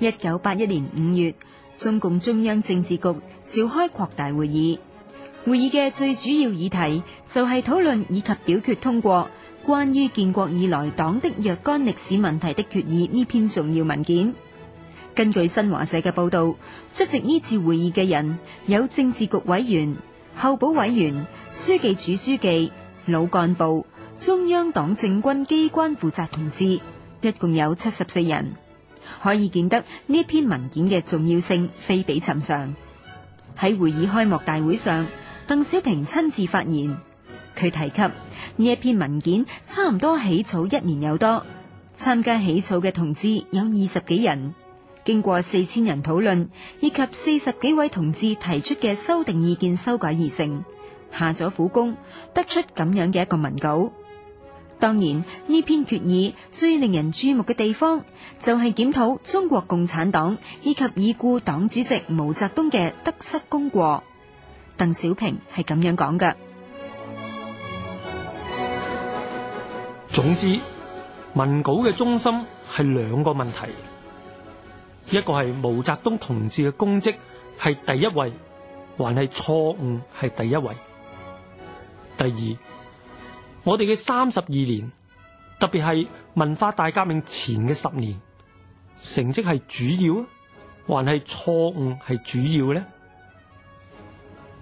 一九八一年五月，中共中央政治局召開擴大會議。會議嘅最主要議題就係討論以及表決通過《關於建國以來黨的若干歷史問題的決議》呢篇重要文件。根據新華社嘅報道，出席呢次會議嘅人有政治局委員、候補委員、書記處書記、老幹部、中央黨政軍機關負責同志，一共有七十四人。可以見得呢篇文件嘅重要性非比尋常。喺會議開幕大會上，鄧小平親自發言。佢提及呢一篇文件差唔多起草一年有多，參加起草嘅同志有二十幾人，經過四千人討論以及四十幾位同志提出嘅修訂意見修改而成，下咗苦功，得出咁樣嘅一個文稿。當然，呢篇決議最令人注目嘅地方，就係檢討中國共產黨以及已故黨主席毛澤東嘅得失功過。鄧小平係咁樣講嘅。總之，文稿嘅中心係兩個問題：一個係毛澤東同志嘅功績係第一位，還係錯誤係第一位；第二。我哋嘅三十二年，特別係文化大革命前嘅十年，成績係主要啊，還係錯誤係主要嘅咧？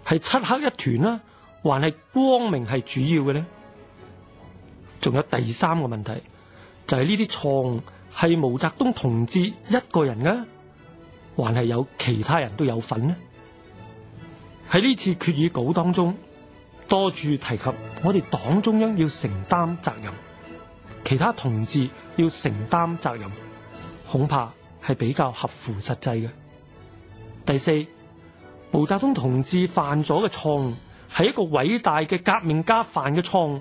係漆黑一團啦，還係光明係主要嘅咧？仲有第三個問題，就係呢啲錯誤係毛澤東同志一個人啊，還係有其他人都有份呢？喺呢次決議稿當中。多處提及我哋黨中央要承擔責任，其他同志要承擔責任，恐怕係比較合乎實際嘅。第四，毛澤東同志犯咗嘅錯誤係一個偉大嘅革命家犯嘅錯誤，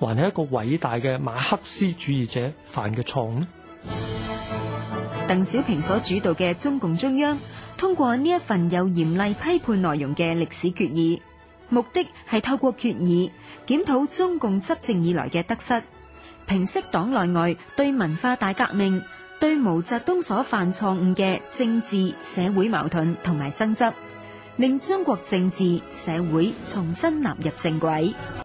還係一個偉大嘅馬克思主義者犯嘅錯誤呢？鄧小平所主導嘅中共中央通過呢一份有嚴厲批判內容嘅歷史決議。目的係透過決議檢討中共執政以來嘅得失，平息黨內外對文化大革命、對毛澤東所犯錯誤嘅政治社會矛盾同埋爭執，令中國政治社會重新納入正軌。